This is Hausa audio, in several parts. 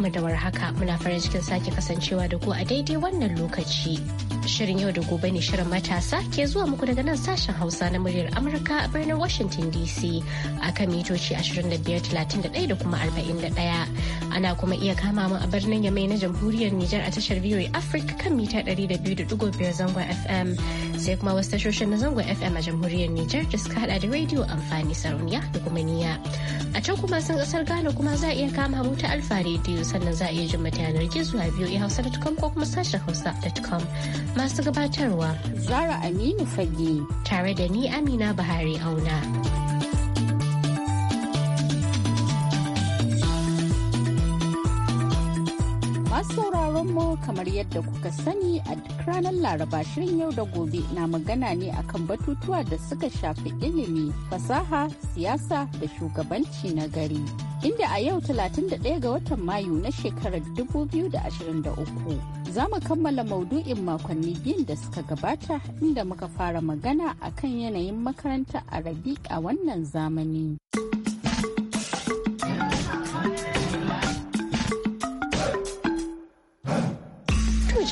barkanmu da warhaka muna farin cikin sake kasancewa da ku a daidai wannan lokaci. Shirin yau da gobe ne shirin matasa ke zuwa muku daga nan sashen Hausa na muryar Amurka a birnin Washington DC akan mitoci 2531 da kuma 41. Ana kuma iya kama mu a birnin Yamai na Jamhuriyar Nijar a tashar biyu Africa kan mita 200.5 zangon FM sai kuma wasu tashoshin na zangon FM a Jamhuriyar Nijar da suka hada da rediyo amfani sarauniya da kuma niya. A can kuma sun kasar Ghana kuma za a iya kama mu Alfa Radio sannan za a iya jin yanar gizo a biyu hausa.com ko kuma sashen hausa.com masu gabatarwa. Zara Aminu Fage. Tare da ni Amina Bahari Auna. masu sauraron mu kamar yadda kuka sani a duk ranar laraba shirin yau da gobe na magana ne akan batutuwa da suka shafi ilimi fasaha siyasa da shugabanci na gari inda a yau 31 ga watan mayu na shekarar 2023 za mu kammala maudu'in makonni biyun da suka gabata inda muka fara magana akan yanayin makaranta arabi a wannan zamani.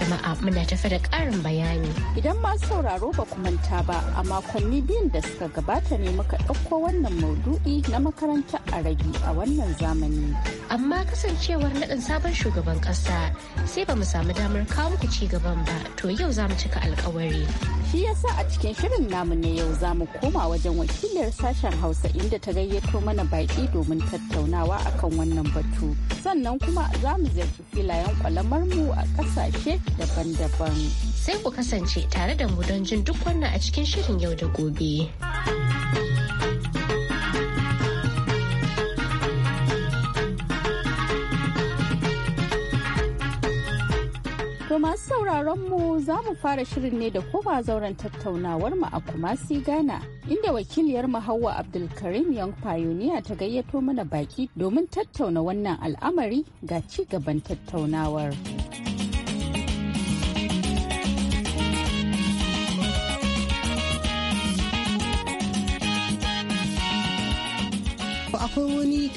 jama'a muna tafe da ƙarin bayani. Idan masu sauraro ba ku manta ba a makonni biyun da suka gabata ne muka ɗauko wannan maudu'i na makarantar ragi a wannan zamani. Amma kasancewar naɗin sabon shugaban ƙasa sai ba mu samu damar kawo muku ci gaban ba to yau za mu cika alkawari. Shi yasa a cikin shirin namu ne yau za mu koma wajen wakiliyar sashen Hausa inda ta gayyato mana baƙi domin tattaunawa akan wannan batu. Sannan kuma za mu ziyarci filayen kwalamar mu a ƙasashe daban-daban. Sai ku kasance tare da mu don jin duk wannan a cikin shirin yau da gobe. masu sauraron mu za mu fara shirin ne da koma zauren tattaunawar mu a Kumasi Ghana inda wakiliyar mu Hauwa Abdulkarim Young Pioneer ta gayyato mana baki domin tattauna wannan al'amari ga ci gaban tattaunawar.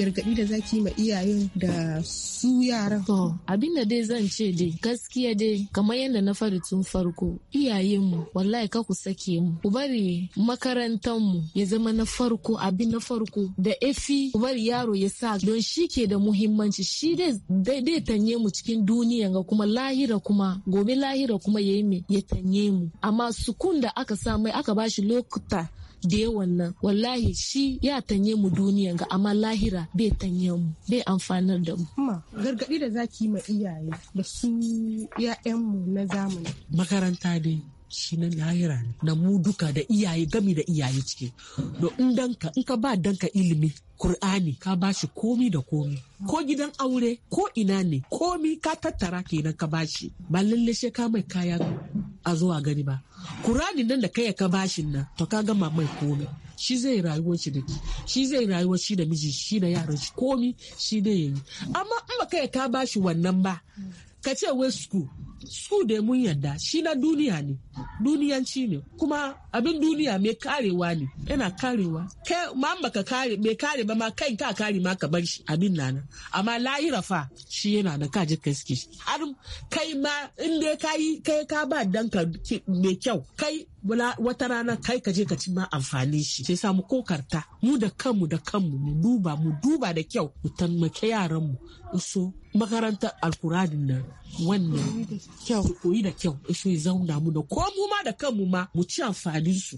gargaɗi da zaki ma iyayen da su yara. To, abin da dai zan ce dai gaskiya dai kamar yadda na fari tun farko iyayenmu wallahi ka ku sake mu ku bari makarantanmu ya zama na farko abin na farko da efi ku bari yaro ya sa don shi ke da muhimmanci shi dai tanye mu cikin duniya ga kuma lahira kuma gobe lahira kuma ya yi ya tanye mu amma sukun da aka sa mai aka bashi lokuta da yawan nan wallahi shi ya tanye mu duniyan ga amma lahira bai tanye mu bai amfanar da mu. gargaɗi da zaki ma iyaye da su 'ya'yanmu na zamani. Makaranta dai shi na lahira ne na mu duka da iyaye gami da iyaye ciki don in danka in ka ba danka ilimi Kur'ani ka ba shi komi da komi ko gidan aure ko ina ne komi ka tattara kenan ka ba shi ba lalle sai ka mai kaya a zuwa gani ba kurani nan da kai ka bashin nan to ka gama mai komai shi zai rayuwar shi da shi zai rayuwar shi da miji shi da yaran shi komi shi ne yayi amma in ba kai ka bashi wannan ba ka ce wai su da mun yarda shi na duniya ne duniyanci ne kuma abin duniya mai karewa ne yana karewa kai ma baka kare mai kare ba ma kai ka kare ma ka bar shi abin nan amma lahira fa shi yana da kaji kaski har kai ma in dai kai kai ka ba danka mai kyau kai wata rana kai ka je ka ci ma amfani shi sai samu kokarta mu da kanmu da kanmu mu duba mu duba da kyau mu tammake yaran mu so makarantar alkuranin nan wannan kyau koyi da kyau so ya zauna mu da ko mu ma da kanmu ma mu ci amfanin su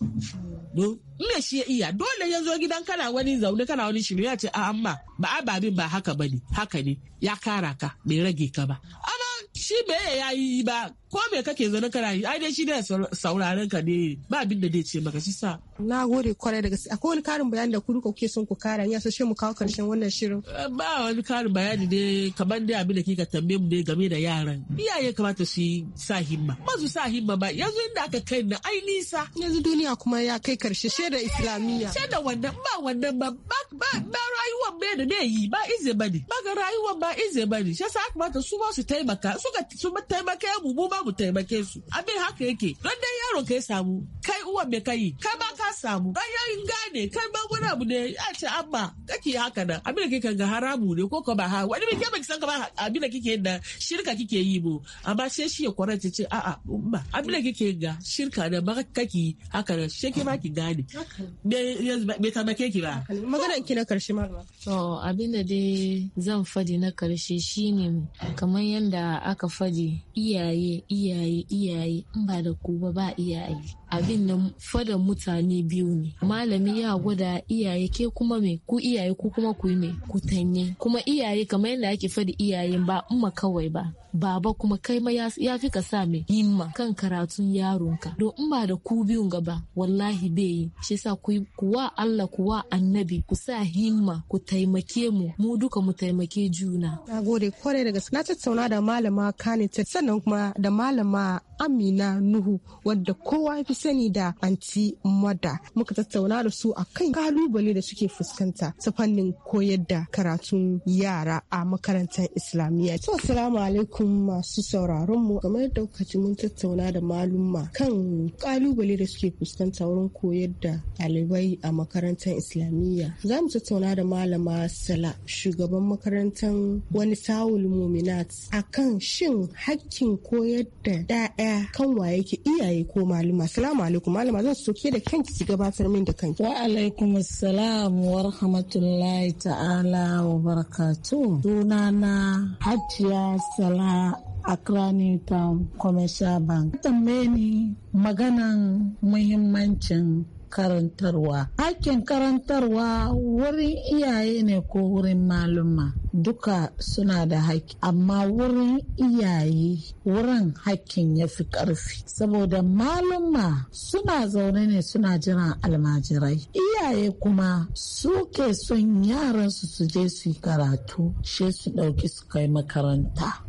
don me shi ya iya dole ya zo gidan kana wani zaune kana wani shiru ya ce a amma ba ababin ba haka bane haka ne ya kara ka bai rage ka ba amma shi bai ya yi ba ko me kake zaune kana yi ai dai shi ne sauraron ka ne ba abin da dai ce maka shi sa na gode kwarai da gaske akwai wani karin bayani da ku duka kuke son ku kara ya sashe mu kawo karshen wannan shirin eh, ba wani karin bayani ne kamar dai abin da kika tambaye mu ne game da yaran iyaye kamata su yi sa himma ba su sa himma ba yanzu inda aka kai na ai nisa yanzu duniya kuma ya kai karshe shaida islamiyya shaida wannan ba wannan ba ba ba rayuwar me da ne yi ba ize bane ba ga rayuwar ba ize bane shi yasa kamata su ba su taimaka suka su taimaka mu mu ba mu taimake su abin haka yake don dai yaro ka samu kai uwan me kai kai ba ka samu kai yayin gane kai ba wani abu ne ya ce amma kake haka nan abin da kike ga haramu ne ko ka ba ha wani bai ba san ka ba abin da kike da shirka kike yi mu amma sai shi ya kwaranta ce a'a umma abin da kike ga shirka da ba kake haka nan shi ke ba ki gane bai taimake ki ba magana ki na karshe malama to abin da dai zan fadi na karshe shine kamar yadda aka fadi iyaye iyaye iyaye in ba da ku ba ba iyaye abin nan fada mutane biyu ne malami ya gwada iyaye ke kuma me ku iyaye ku kuma ku mai me ku tanye kuma iyaye kamar yadda ake fadi iyaye ba umma kawai ba baba kuma kai ma ya fi ka sa me himma kan karatun yaronka don in ba da ku biyun gaba wallahi bai yi shi sa ku kuwa Allah kuwa annabi ku sa himma ku taimake mu mu duka mu taimake juna nagode kwarai daga na tattauna da malama kanita sannan kuma da malama amina nuhu wanda kowa fi sani da anti mada muka tattauna da su akan kalubale da suke fuskanta ta fannin koyar da karatun yara a makarantar islamiyya to assalamu alaikum masu sauraron mu game da lokaci mun tattauna da malumma kan kalubale da suke fuskanta wurin koyar da ɗalibai a makarantar islamiyya za mu tattauna da malama sala shugaban makarantar wani sawul muminat akan shin hakkin koyar da ɗaya ɗaya kan wa yake iyaye ko malama salamu alaikum malama zan so da kanki ki gabatar min da kanki wa alaikum assalam wa rahmatullahi ta'ala wa barakatuh sunana hajiya sala Accra Town Commercial Bank. Tambaye ni maganan muhimmancin karantarwa hakkin karantarwa wurin iyaye ne ko wurin maluma duka suna da haƙƙi amma wurin iyaye wurin hakkin ya fi ƙarfi saboda maluma suna zaune ne suna jiran almajirai iyaye kuma suke son yaransu su je su yi karatu she su ɗauki su kai makaranta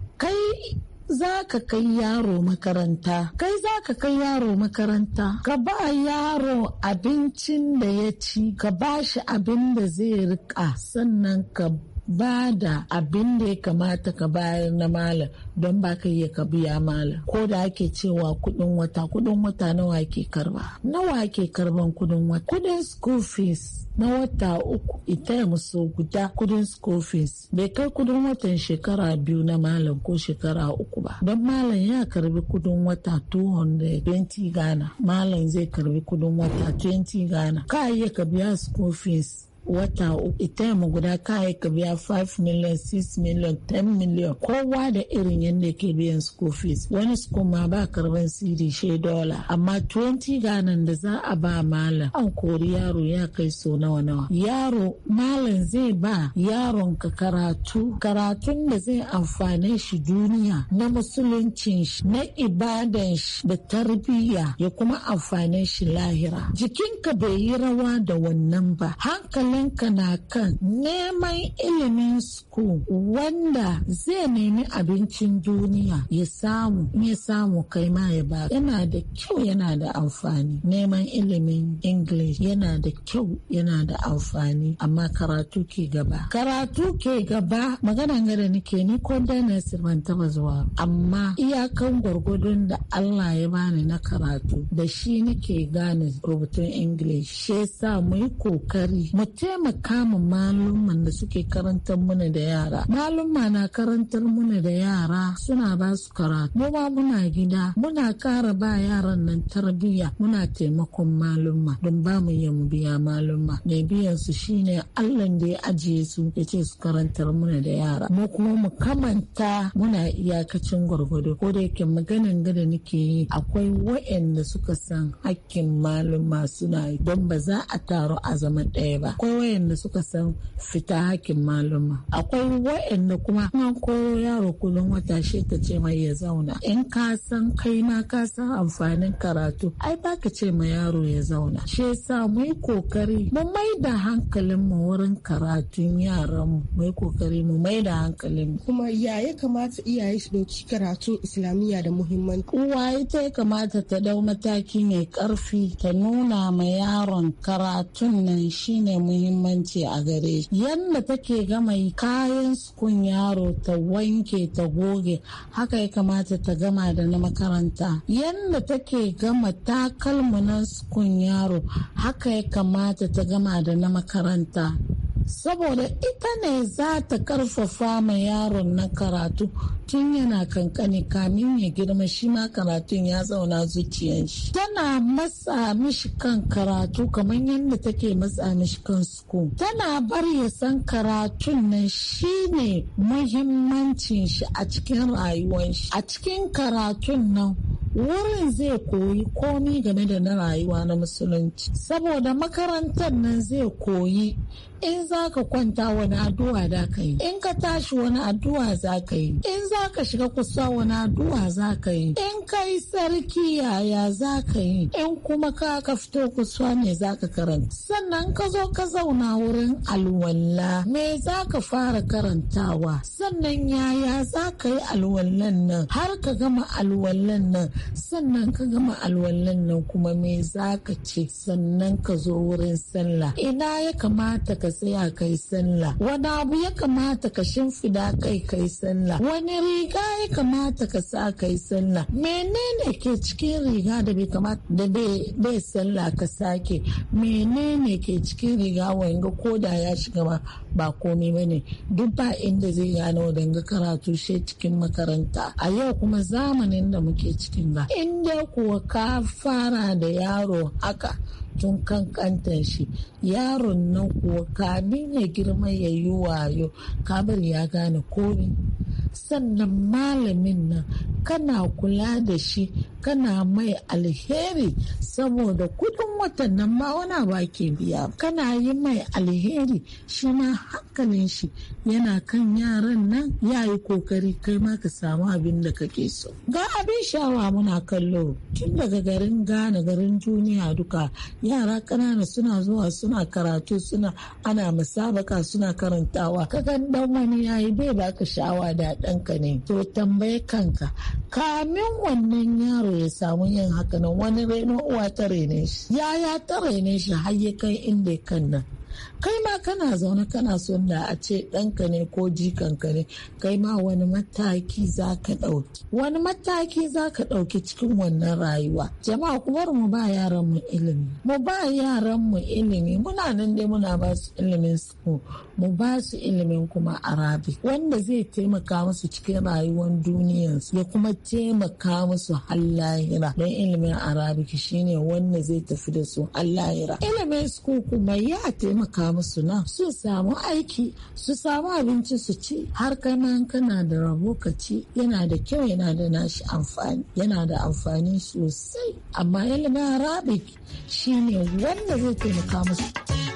za ka kai yaro makaranta kai za ka kai yaro makaranta ka ba yaro abincin da ya ci ka ba shi abin da zai rika sannan ka ba da abin da ya kamata ka bayar na malam don ba ka iya ka biya malam ko da ake cewa kudin wata kudin wata nawa ke karba nawa ke karban kudin wata kudin school fees na wata uku ita musu guda kudin school fees bai kai kudin watan shekara biyu na malam ko shekara uku ba don malam ya karbi kudin wata 220 gana malam zai karbi kudin wata 20 gana ka iya ka biya school fees wata uku ita mu guda kai ka biya 5 million 6 million 10 million kowa da irin yadda ke biyan school fees wani school ma ba karban cd she dollar amma 20 ganan da za a ba malam an kori yaro ya kai so nawa nawa yaro malam zai ba yaron ka karatu karatun da zai amfane shi duniya na musuluncin shi na ibadan shi da tarbiyya ya kuma amfane shi lahira jikinka bai yi rawa da wannan ba hankali hankalinka na kan neman ilimin school wanda zai nemi abincin duniya ya samu ya samu kai ma ya ba yana da kyau yana da amfani neman ilimin english yana da kyau yana da amfani amma karatu ke gaba karatu ke gaba magana gada nike ni ko na ban taba zuwa amma iyakan gwargwadon da Allah ya bani na karatu da shi nike gane rubutun english shi yasa mu yi kokari mutum taimaka mu malumman da suke karantar muna da yara malumma na karantar muna da yara suna ba su karatu mu ma muna gida muna kara ba yaran nan tarbiyya muna taimakon malumma don ba mu yi mu biya malumma mai biyan su shine Allah da ya ajiye su ya ce su karantar muna da yara mu kuma mu kamanta muna iyakacin gwargwado ko da yake maganan gada nake yi akwai wa'anda suka san hakkin malumma suna don ba za a taro a zama ɗaya ba akwai wayanda suka san fita hakin maluma akwai wayanda kuma an koyo yaro kullum wata shi ta ce mai ya zauna in ka san kai ma ka san amfanin karatu ai ba ka ce ma yaro ya zauna shi yasa mu yi kokari mu mai da hankalin mu wurin karatun yaran mu mu yi kokari mu mai da hankalin mu kuma ya ya kamata iyaye su dauki karatu islamiyya da muhimmanci uwa ita ya kamata ta dau mataki mai karfi ta nuna ma yaron karatun nan shine muhimmanci muhimmanci a gare shi yadda take gama kayan sukun yaro ta wanke ta goge haka ya kamata ta gama da na makaranta yadda take gama takalmunan sukun yaro haka ya kamata ta gama da na makaranta saboda ita ne za ta karfafa ma yaron na karatu tun yana kankani kamin ya girma shi ma karatun ya zauna zuciyan shi tana matsa mishi kan karatu kamar yadda take matsa mishi kan suku tana bar ya san karatun nan shi ne muhimmancin shi a cikin rayuwan shi a cikin karatun nan wurin zai koyi komi game da na rayuwa na musulunci saboda makarantar nan zai koyi in za ka kwanta wani addu'a da ka yi in ka tashi wani addu'a za ka yi in za ka shiga kusa wani addu'a za ka yi in kai sarki yaya za ka yi in kuma ka ka fito kusa ne za ka karanta sannan ka zo ka zauna wurin alwala me za ka fara karantawa sannan yaya za ka yi alwallan nan har ka gama alwallan nan sannan ka gama alwallan nan kuma me za ka ce sannan ka zo wurin sallah ina ya kamata ka tsaya kai sallah wani abu ya kamata ka shimfida kai kai sallah wani riga ya kamata ka sa kai sallah menene ke cikin riga da bai kamata da bai sallah ka sake menene ke cikin riga wanga ko da ya shiga ma ba komai bane duk ba inda zai gane danga karatu shi cikin makaranta a yau kuma zamanin da muke cikin ba inda kuwa ka fara da yaro haka tun kankantar shi yaron nan kuwa kamin ya girma ya yi wayo kamar ya gane komi sannan malamin nan kana kula da shi kana mai alheri saboda kudin watan nan ma wana ba ke biya kana yi mai alheri shi ma hankalin shi yana kan yaran nan ya yi kokari kai ma ka samu abin da kake so ga abin shawa muna kallo tun daga garin ghana garin duniya duka yara ƙanana suna zuwa suna karatu suna ana musabaka suna karantawa ka ga dan wani yayi bai baka shawa daɗi ɗanka ne to tambayi kanka kamin wannan yaro ya samu yin haka nan wani reno uwa ta rene shi yaya ta rene shi har ya kai inda kan nan kai ma kana zaune kana son da a ce ɗanka ne ko jikanka ne kai ma wani mataki za ka ɗauki wani mataki za ka ɗauki cikin wannan rayuwa jama'a kuma mu ba yaran mu ilimi mu ba yaran mu ilimi muna nan dai muna ba su ilimin su mu ba su ilimin kuma arabi wanda zai taimaka musu cikin rayuwar su, ya kuma taimaka musu hallahira don ilimin arabi shine wanda zai tafi da su hallahira ilimin su kuma ya taimaka taimaka musu nan su samu aiki su samu abinci su ci har kana kana da rabo ka ci yana da kyau yana da nashi amfani yana da amfani sosai amma ilimin arabic shine wanda zai taimaka musu.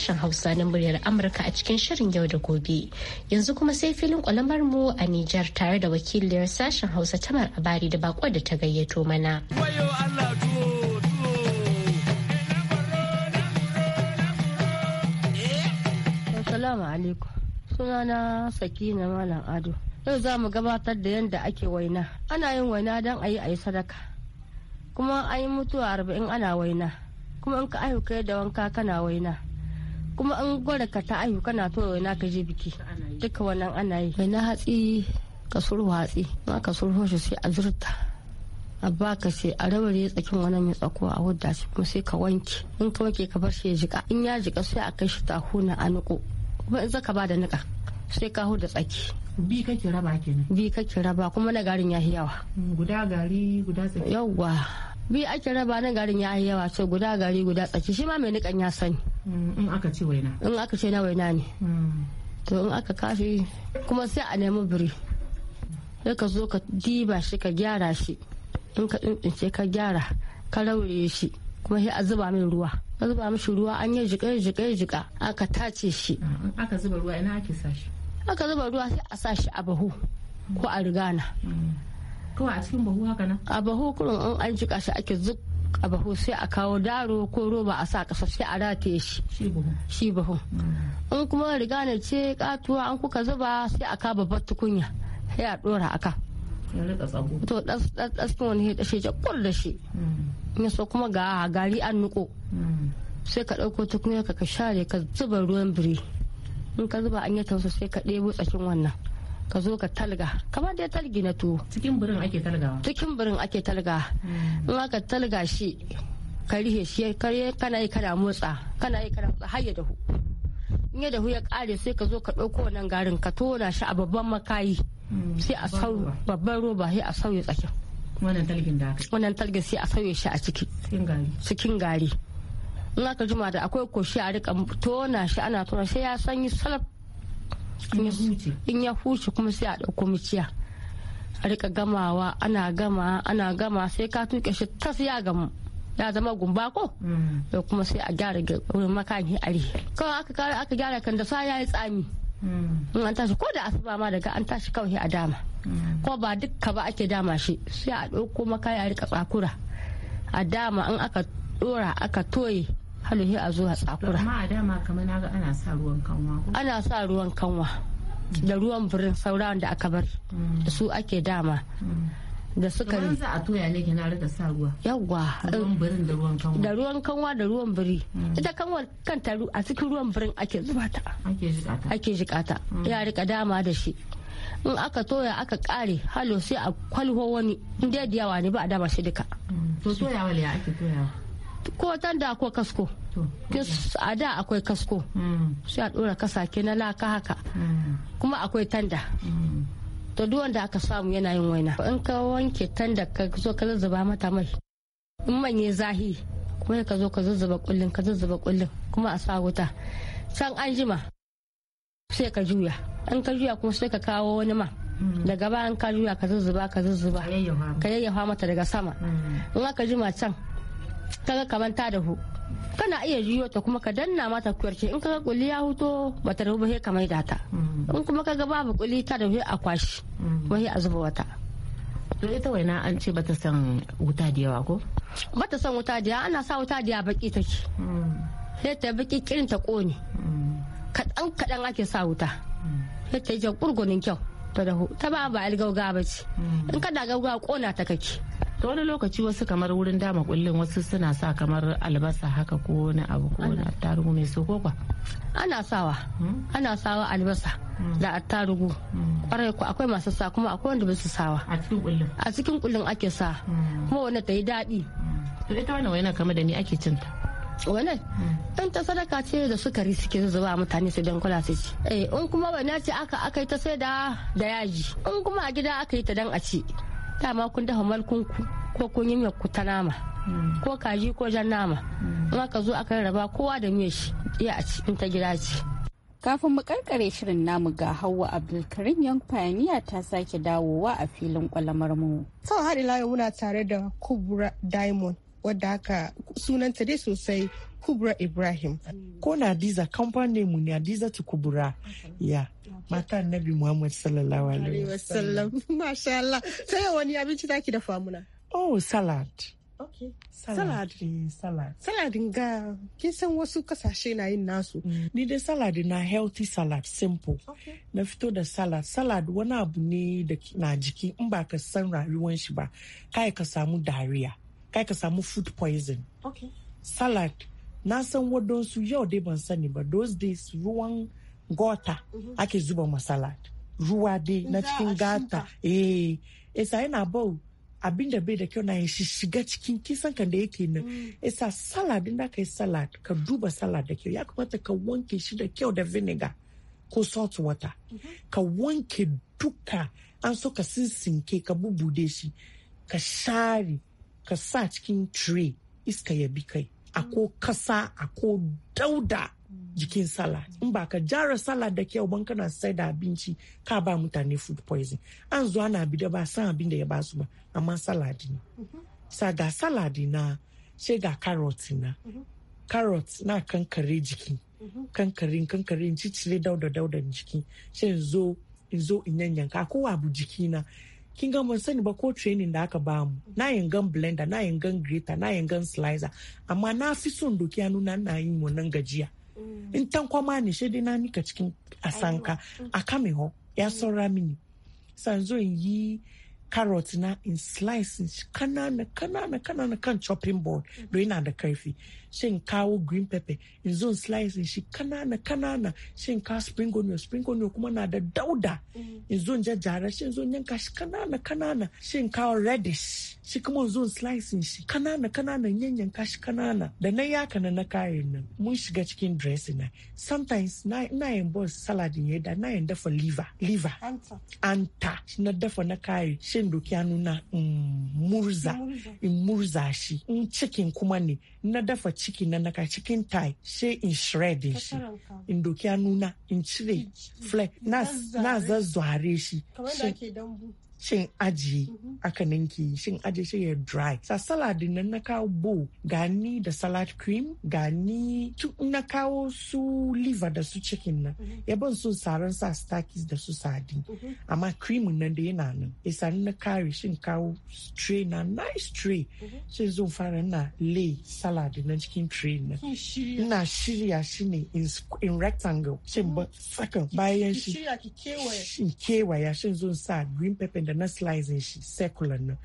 sashen Hausa na muryar Amurka a cikin shirin yau da gobe. Yanzu kuma sai filin kwalamar mu a Nijar tare da wakiliyar sashen Hausa Tamar Abari da bako da ta gayyato mana. Assalamu alaikum. Sunana Sakina Malam Ado. Yau za mu gabatar da yadda ake waina. Ana yin waina don a yi a yi sadaka. Kuma an yi mutuwa arba'in ana waina. Kuma in ka ayyuka da wanka kana waina. kuma an gwada ka ta ayu kana to na ka je biki duka wannan ana yi mai na hatsi ka surhu hatsi in ka surho hoshi sai a zurta a baka sai a rabare tsakin wani mai tsako a wadda shi kuma sai ka wanke in ka wanke ka bar shi ya jika in ya jika sai a kai shi huna a niko kuma in zaka ba da nika sai ka da tsaki bi kake raba kenan bi kake raba kuma na garin ya yawa guda gari guda tsaki yawwa bi ake raba na garin ya yi yawa so guda gari guda tsaki shi ma mai nikan ya sani mm, in aka ce waina in aka ce na waina ne mm. to in aka kashi kuma sai a nemi biri sai ka zo ka diba shi ka gyara shi in ka tsintsince ka gyara ka raure shi kuma sai a zuba min ruwa ka zuba mishi ruwa an yi jika jika jiƙa aka tace shi mm, aka zuba ruwa ina ake sa shi aka zuba ruwa sai a sa shi a bahu ko a rigana kawai a cikin bahu haka nan a bahu kurun an an jika shi ake zuk a bahu sai a kawo daro ko roba a sa kasa sai a rataye shi shi bahu mm. in kuma riga ne ce katuwa an kuka zuba sai a kaba bat tukunya sai a dora aka to das das wani ya shi jakur da shi mm. in so kuma ga gari an nuko mm. sai ka ɗauko tukunya ka share ka zuba ruwan biri in ka zuba an yi tausa sai ka ɗebo tsakin wannan ka zo ka talga kamar dai talgi na tuwo cikin birin ake talgawa cikin birin ake talga hmm. in aka talga shi ka rihe shi kana yi kana motsa kana yi kana motsa har ya dahu in ya dahu ya kare sai ka zo ka ɗauko wannan garin ka tona shi a babban makayi hmm, sai a sau babban roba sai a sauye tsakin wannan talgin da aka wannan talgin sai a sauye shi a ciki cikin gari in aka jima da akwai koshi a rika tona shi ana tona sai ya sanyi salaf in ya huce kuma sai a ɗauko miciya a rika gamawa ana gama ana gama sai ka tuke shi tas ya gamu ya zama gumba ko da mm. kuma sai a gyara wurin makani are kawai aka kare aka gyara kan da sa yi tsami mm. in an tashi ko da asuba ma daga an tashi kawai a dama mm. ko ba dukka ba ake dama shi sai a ɗauko makani a rika tsakura a dama in aka dora aka toye halihi a zo a tsakura amma a dama kamar na ga ana sa ruwan kanwa ana sa ruwan kanwa da ruwan birin sauran da aka bar mm. da su ake dama mm. da sukari za a toya ne na rika sa ruwa yawwa ruwan birin da ruwan kanwa da ruwan kanwa da ruwan biri mm. ita kanwa kanta a cikin ruwan birin ake zuba ta ake jikata ya rika dama da shi in aka toya aka kare halo sai a kwalho wani inda da yawa ne ba a dama shi duka to toyawa ne ake toyawa ko tanda ko kasko a da akwai kasko mm. sai a dora kasake na laka haka mm. kuma akwai tanda mm. to duk wanda aka samu yana yin waina in ka wanke tanda ka zo ka zuzzuba mata mai in manye zahi kuma ka zo ka zuzzuba kullun ka zuzzuba kullun kuma a sa wuta can an jima sai ka juya in ka juya kuma sai ka kawo wani ma daga an ka juya ka zuzzuba ka zuzzuba ka yayyafa mata daga sama in aka jima can kaga kamar ta dahu kana iya juyo ta kuma ka danna mata kwarce in kaga kuli ya huto ba ta rubu kamar da data mm. in kuma kaga babu kuli ta dahu a kwashi mm. wai a zuba wata to ita waina an ce bata son wuta da yawa ko bata son wuta da yawa ana sa wuta da yawa baki take sai mm. ta baki kirin ta kone kaɗan kaɗan ake sa wuta sai ta yi kurgunin kyau ta dahu ta ba ba algauga ba ce in kada gauga kona ta kake ta wani lokaci wasu kamar wurin dama kullum wasu suna sa kamar albasa haka ko wani abu ko wani attarugu mai so kwa ana sawa hmm? ana sawa albasa hmm. da attarugu hmm. kwarai ku akwai masu sa kuma akwai wanda basu su sawa a cikin kullum ake sa kuma wani ta yi daɗi to ita wannan wani kamar da ni ake cinta wannan in ta sadaka ce da sukari suke zuba mutane su dan kula su ci eh in kuma wannan ce aka aka yi ta sai da da yaji in kuma a gida aka yi ta dan a ci dama kun dafa malkun ku ko kun yi ku ta nama mm. ko kaji ko jan nama mm. in aka zo aka raba kowa da miyar shi iya a cikin ta gida ce kafin mu karkare shirin namu ga hawa abdulkarim yang pioneer ta sake dawowa a filin kwalamar mu sau har layo muna tare da kubura diamond wadda haka sunanta dai sosai kubra ibrahim ko na diza kamfanin mu ne diza ta Kubra. ya mata annabi muhammad sallallahu alaihi wasallam masha Allah sai wani abinci taki da famuna oh salad eh, Salad. Salad. ga kin san wasu kasashe na yin nasu. Mm. Ni dai salad na healthy salad simple. Na fito da salad. Salad wani abu ne da na jiki in ba ka san rayuwan shi ba. Kai ka samu dariya. kai ka samu food poison salad na san wadansu yau dai ban sani ba those days ruwan gota mhm. ake zuba ma salad ruwa dai na cikin gata eh isa yana bau abin da bai da kyau na shiga cikin kisan kan da yake nan isa mm. salad din ka yi salad ka duba salad da kyau ya kamata ka wanke shi da kyau da vinegar ko salt water mm-hmm. ka wanke duka an so ka sinsinke ka bubude shi ka share ka sa cikin tire iska ya bi kai a ko kasa a ko dauda jikin salad in ba ka jara salad da kyau ban kana sai da abinci ka ba mutane food poison an zuwa na bi da ba san abin da ya ba su ba amma salad ne sa ga salad na sai ga carrot na carrot na kankare jiki kankarin kankarin cicile dauda dauda jiki sai zo in zo in yanyanka ko abu jiki na kin ga mun sani ba ko training da aka ba mu na gan blender na gan grater na gan slicer amma na fi son doki nuna na yin wannan gajiya mm. in kwama ne shi dai na nika cikin asanka mm. a kame ho ya mm. saura mini san zo yi carrot na in slice kanana kanana kanana kan chopping board do yana da karfi shin kawo green pepper in zo slice shi kanana kanana shin ka spring onion spring onion kuma na da dauda mm. in zo jajjara shin zo yanka shi kanana kanana shin kawo radish shi kuma zo slice shi kanana kanana yanyanka shi kanana da na yaka na na kayan nan mun shiga cikin dressing na sometimes na yin boss salad ya da na yin dafa liver liver anta na dafa na kayan shin doki hannu na mm, murza in murza shi in chicken kuma ne na dafa cikin nan naka cikin tai sai in shred shi in doki nuna in cire flake na zazzware shi shin aji mhm. aka ninki shin aji shi ya dry sa salad nan na kawo bo gani da salad cream gani na kawo su liver da su chicken na. Mhm. ya ban su saran sa stakis da su sadi mhm. amma cream nan da yana nan isa na kare shin kawo tray na nice tray shi zo fara na lay salad na cikin tray na. ina shirya shi ne in rectangle shin sakan bayan shi in kewaya shin zo sa green pepper da na slicing shi circular nan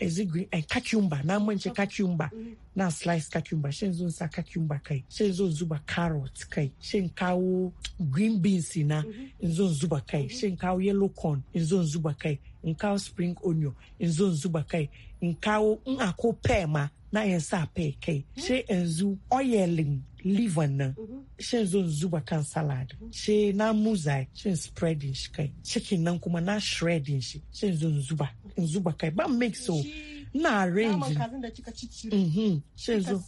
ezigreen mm. um, eh cucumber na mance cucumber mm-hmm. na slice cucumber shin zo sa cucumber kai shin zo zuba carrot kai shin kawo green beans na mm-hmm. in zo zuba kai mm-hmm. shin kawo yellow corn in zo zuba kai in kawo spring onion in zo zuba kai in kawo in ako pear ma na iya sa fai kai she yanzu oilin liver na, she zo zuba kan salad she na muza she spreading shi kai chicken nan kuma na shredding shi she zo zuba in zuba kai ba make so na arrange mhm she zo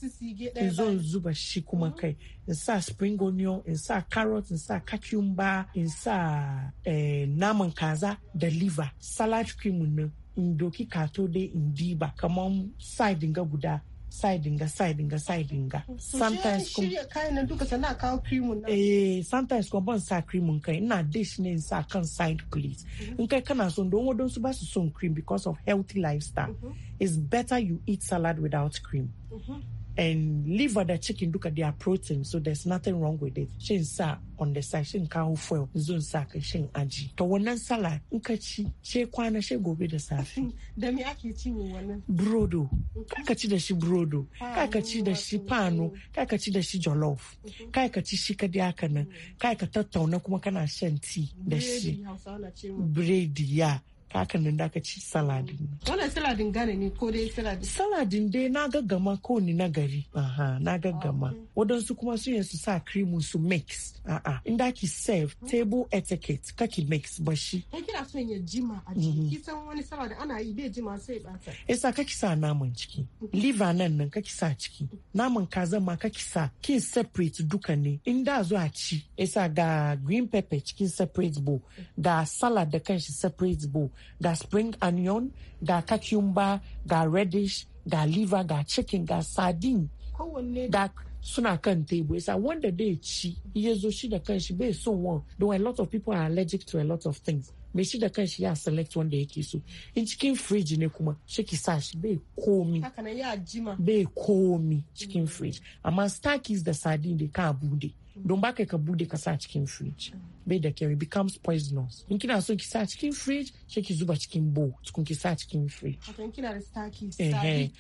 in zo zuba shi kuma mhm. kai in sa spring onion in sa carrot in sa cucumber in sa eh, naman kaza da liver salad cream nan in ka to dai in diba kamar side ga guda side ga side ga side ga sometimes kuma shirya kayan nan duka sana kawo cream na eh sometimes kuma ban sa cream kai ina dish ne in sa kan side please mhm. in kai kana son don wadon su ba su son cream because of healthy lifestyle mm it's better you eat salad without cream mm -hmm. and liver da chicken duka they are protein so there's nothing wrong with it shin sa on the side shin kawo foil zun sa ka shin aji to wannan sala in ka ci she kwana she gobe da safe da me ake ci wannan brodo ka ci da shi brodo ka ka ci da shi pano ka ka ci da shi jollof ka ka ci shi kadai haka nan ka ka tattauna kuma kana shan tea da shi bread ya kakan nan da aka ci saladin. Wannan saladin gane ne ko dai saladin? Saladin dai na gaggama ko ni na gari. Aha, na gaggama. Ah, Wadansu kuma su yin su sa cream su mix. A'a, in da ki serve table etiquette kaki mix ba shi. Kai kina son ya jima a ciki. Mhm. Kisan wani saladin ana yi bai jima sai bata. Yasa kaki sa naman ciki. Liver nan nan kaki sa ciki. Naman kaza ma kaki sa. Kin separate duka ne. In da zo a ci. Yasa ga green pepper cikin separate bowl. Ga salad da kanshi separate bowl. ga spring onion ga cucumber ga reddish ga liver ga chicken ga sardine ga suna kan table yasa wanda dai ci ya zo shi da kanshi bai so wan don a lot of people are allergic to a lot of things Me shi da kanshi ya select wanda yake so in cikin fridge ne kuma shi ki sa shi bai komi bai komi cikin fridge amma starkies da sardine dai ka bude don ba kai ka bude ka sa cikin fridge bai da kyau becomes poisonous in kina so ki sa cikin fridge sai ki zuba cikin bowl tukun ki sa cikin fridge wato kina da staki staki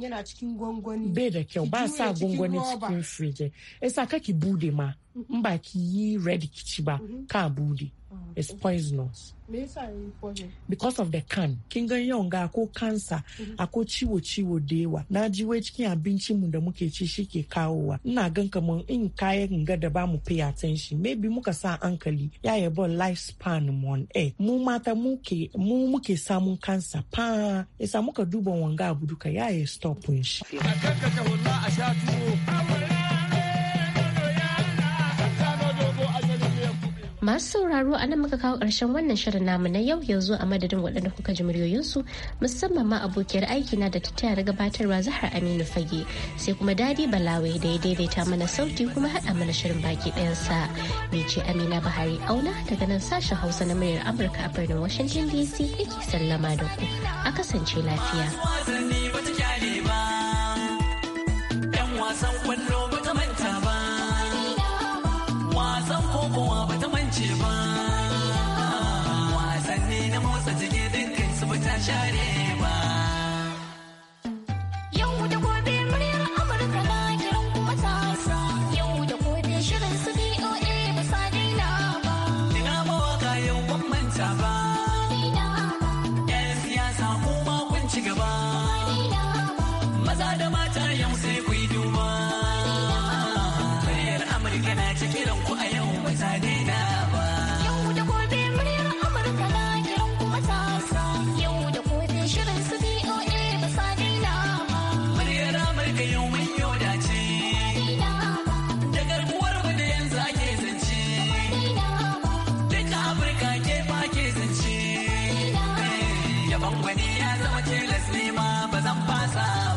yana cikin gwangwani bai da kyau ba sa gwangwani cikin fridge eh sa ka ki bude ma in ba ki yi ready ki ci ba mhm. ka bude Mm. is poisonous. Because of the can. Kin gan mm-hmm. ako cancer, ko kansa, ako ciwo-ciwo da yawa. Na ji wai cikin abincin mu da muke ci shi ke kawowa. Ina gan kamar in kayan ga da ba mu pay attention. Maybe muka sa ankali ya yebo lifespan mu on Mu mata muke mu muke samun kansa pa. Isa muka duba wanga abuduka, ya ye stop shi. Na ganka ka a asha tuwo. Masu sauraro a nan muka kawo ƙarshen wannan shirin namu na yau yanzu a madadin waɗanda kuka ji muryoyinsu musamman ma abokiyar aiki na da ta taya gabatarwa zahar Aminu Fage sai kuma Dadi Balawe da ya daidaita mana sauti kuma haɗa mana shirin baki ɗayansa. Ni ce Amina Bahari Auna daga nan sashen Hausa na muryar Amurka a birnin Washington DC yake sallama da ku. A kasance lafiya. share wani ya zama tilas ne ma ba zan fasa